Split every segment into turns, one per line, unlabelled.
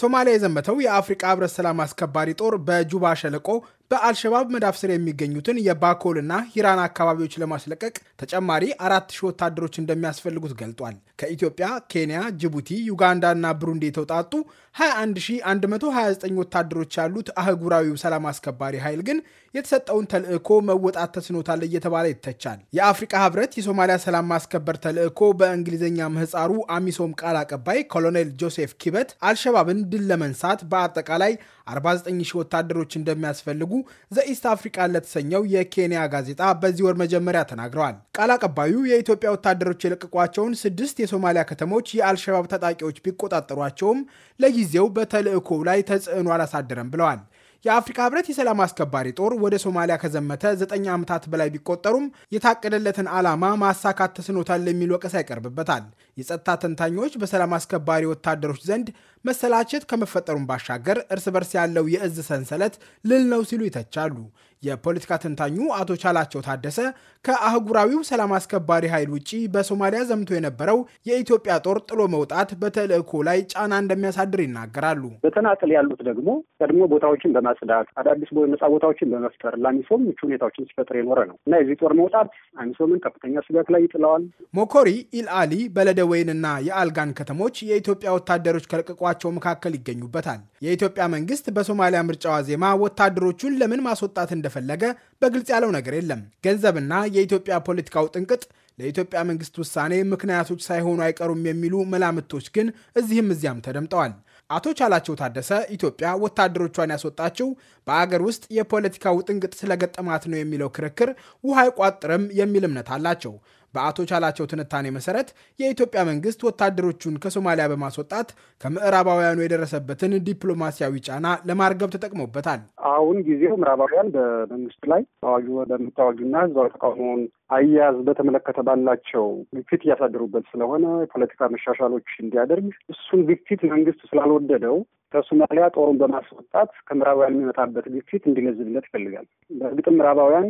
ሶማሊያ የዘመተው የአፍሪቃ ህብረት ሰላም አስከባሪ ጦር በጁባ ሸለቆ በአልሸባብ መዳፍ ስር የሚገኙትን የባኮልና ሂራን አካባቢዎች ለማስለቀቅ ተጨማሪ አራት ሺህ ወታደሮች እንደሚያስፈልጉት ገልጧል። ከኢትዮጵያ፣ ኬንያ፣ ጅቡቲ፣ ዩጋንዳና ብሩንዲ የተውጣጡ 21129 ወታደሮች ያሉት አህጉራዊው ሰላም አስከባሪ ኃይል ግን የተሰጠውን ተልዕኮ መወጣት ተስኖታል እየተባለ ይተቻል። የአፍሪቃ ህብረት የሶማሊያ ሰላም ማስከበር ተልዕኮ በእንግሊዝኛ ምህፃሩ አሚሶም ቃል አቀባይ ኮሎኔል ጆሴፍ ኪበት አልሸባብን ድል ለመንሳት በአጠቃላይ 49 ሺህ ወታደሮች እንደሚያስፈልጉ ዘኢስት አፍሪቃ ለተሰኘው የኬንያ ጋዜጣ በዚህ ወር መጀመሪያ ተናግረዋል። ቃል አቀባዩ የኢትዮጵያ ወታደሮች የለቀቋቸውን ስድስት የሶማሊያ ከተሞች የአልሸባብ ታጣቂዎች ቢቆጣጠሯቸውም ለጊዜው በተልዕኮው ላይ ተጽዕኖ አላሳደረም ብለዋል። የአፍሪካ ህብረት የሰላም አስከባሪ ጦር ወደ ሶማሊያ ከዘመተ ዘጠኝ ዓመታት በላይ ቢቆጠሩም የታቀደለትን ዓላማ ማሳካት ተስኖታል የሚል ወቀሳ ይቀርብበታል። የጸጥታ ተንታኞች በሰላም አስከባሪ ወታደሮች ዘንድ መሰላቸት ከመፈጠሩም ባሻገር እርስ በርስ ያለው የእዝ ሰንሰለት ልል ነው ሲሉ ይተቻሉ። የፖለቲካ ተንታኙ አቶ ቻላቸው ታደሰ ከአህጉራዊው ሰላም አስከባሪ ኃይል ውጪ በሶማሊያ ዘምቶ የነበረው የኢትዮጵያ ጦር ጥሎ መውጣት በተልዕኮ ላይ ጫና እንደሚያሳድር ይናገራሉ።
በተናጠል ያሉት ደግሞ ቀድሞ ቦታዎችን በማጽዳት አዳዲስ ነጻ ቦታዎችን በመፍጠር ለአሚሶም ምቹ ሁኔታዎችን ሲፈጥር የኖረ ነው እና የዚህ ጦር መውጣት አሚሶምን ከፍተኛ ስጋት ላይ ይጥለዋል። ሞኮሪ
ኢልአሊ በለደ የነወይንና የአልጋን ከተሞች የኢትዮጵያ ወታደሮች ከለቀቋቸው መካከል ይገኙበታል። የኢትዮጵያ መንግስት በሶማሊያ ምርጫ ዋዜማ ወታደሮቹን ለምን ማስወጣት እንደፈለገ በግልጽ ያለው ነገር የለም። ገንዘብና የኢትዮጵያ ፖለቲካው ጥንቅጥ ለኢትዮጵያ መንግስት ውሳኔ ምክንያቶች ሳይሆኑ አይቀሩም የሚሉ መላምቶች ግን እዚህም እዚያም ተደምጠዋል። አቶ ቻላቸው ታደሰ ኢትዮጵያ ወታደሮቿን ያስወጣችው በአገር ውስጥ የፖለቲካ ውጥንቅጥ ስለገጠማት ነው የሚለው ክርክር ውሃ አይቋጥርም የሚል እምነት አላቸው። በአቶ ቻላቸው ትንታኔ መሰረት የኢትዮጵያ መንግስት ወታደሮቹን ከሶማሊያ በማስወጣት ከምዕራባውያኑ የደረሰበትን ዲፕሎማሲያዊ ጫና ለማርገብ ተጠቅሞበታል።
አሁን ጊዜው ምዕራባውያን በመንግስቱ ላይ ታዋጊ በምታዋጊና ህዝባዊ ተቃውሞውን አያያዝ በተመለከተ ባላቸው ግፊት እያሳደሩበት ስለሆነ የፖለቲካ መሻሻሎች እንዲያደርግ እሱን ግፊት መንግስት ስላልወደደው ከሶማሊያ ጦሩን በማስወጣት ከምዕራባውያን የሚመጣበት ግፊት እንዲለዝብለት ይፈልጋል። በእርግጥም ምዕራባውያን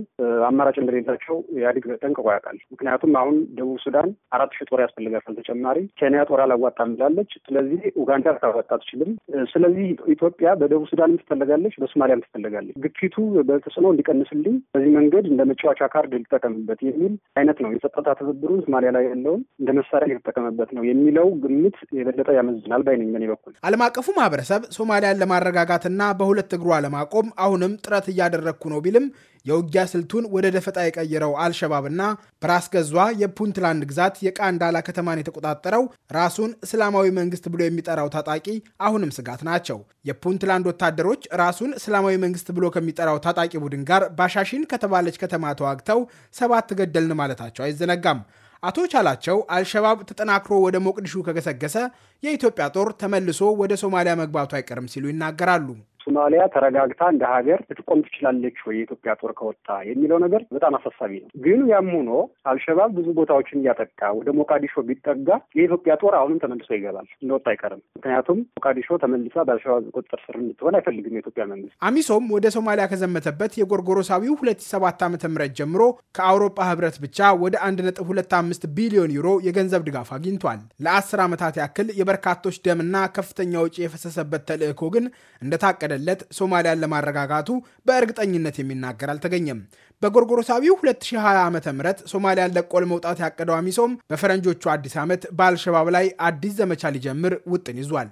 አማራጭ እንደሌላቸው ኢህአዴግ ጠንቅቆ ያውቃል። ምክንያቱም አሁን ደቡብ ሱዳን አራት ሺህ ጦር ያስፈልጋታል ተጨማሪ። ኬንያ ጦር አላዋጣም ብላለች። ስለዚህ ኡጋንዳ ልታዋጣ አትችልም። ስለዚህ ኢትዮጵያ በደቡብ ሱዳንም ትፈለጋለች፣ በሶማሊያም ትፈለጋለች። ግፊቱ በተጽዕኖ እንዲቀንስልኝ በዚህ መንገድ እንደ መጫወቻ ካርድ ልጠቀምበት የሚል አይነት ነው። የጸጥታ ትብብሩን ሶማሊያ ላይ ያለውን እንደ መሳሪያ ሊጠቀምበት ነው የሚለው ግምት የበለጠ ያመዝናል ባይነኝ በኔ በኩል
አለም አቀፉ ማህበረሰብ ሰብ ሶማሊያን ለማረጋጋትና በሁለት እግሯ ለማቆም አሁንም ጥረት እያደረግኩ ነው ቢልም የውጊያ ስልቱን ወደ ደፈጣ የቀየረው አልሸባብና በራስ ገዟ የፑንትላንድ ግዛት የቃንዳላ ከተማን የተቆጣጠረው ራሱን እስላማዊ መንግስት ብሎ የሚጠራው ታጣቂ አሁንም ስጋት ናቸው። የፑንትላንድ ወታደሮች ራሱን እስላማዊ መንግስት ብሎ ከሚጠራው ታጣቂ ቡድን ጋር ባሻሽን ከተባለች ከተማ ተዋግተው ሰባት ገደልን ማለታቸው አይዘነጋም። አቶ ቻላቸው አልሸባብ ተጠናክሮ ወደ ሞቅዲሹ ከገሰገሰ የኢትዮጵያ ጦር ተመልሶ ወደ ሶማሊያ
መግባቱ አይቀርም ሲሉ ይናገራሉ። ሶማሊያ ተረጋግታ እንደ ሀገር ልትቆም ትችላለች ወይ የኢትዮጵያ ጦር ከወጣ የሚለው ነገር በጣም አሳሳቢ ነው። ግን ያም ሆኖ አልሸባብ ብዙ ቦታዎችን እያጠቃ ወደ ሞቃዲሾ ቢጠጋ የኢትዮጵያ ጦር አሁንም ተመልሶ ይገባል፣ እንደወጣ አይቀርም። ምክንያቱም ሞቃዲሾ ተመልሳ በአልሸባብ ቁጥጥር ስር እንድትሆን አይፈልግም የኢትዮጵያ መንግስት።
አሚሶም ወደ ሶማሊያ ከዘመተበት የጎርጎሮሳዊው ሁለት ሰባት ዓመተ ምህረት ጀምሮ ከአውሮፓ ህብረት ብቻ ወደ አንድ ነጥብ ሁለት አምስት ቢሊዮን ዩሮ የገንዘብ ድጋፍ አግኝቷል። ለአስር ዓመታት ያክል የበርካቶች ደምና ከፍተኛ ውጪ የፈሰሰበት ተልእኮ ግን እንደታቀደ የተፈቀደለት ሶማሊያን ለማረጋጋቱ በእርግጠኝነት የሚናገር አልተገኘም። በጎርጎሮሳዊው 2020 ዓ ም ሶማሊያን ለቆ ለመውጣት ያቀደው አሚሶም በፈረንጆቹ አዲስ ዓመት በአልሸባብ ላይ አዲስ ዘመቻ ሊጀምር ውጥን ይዟል።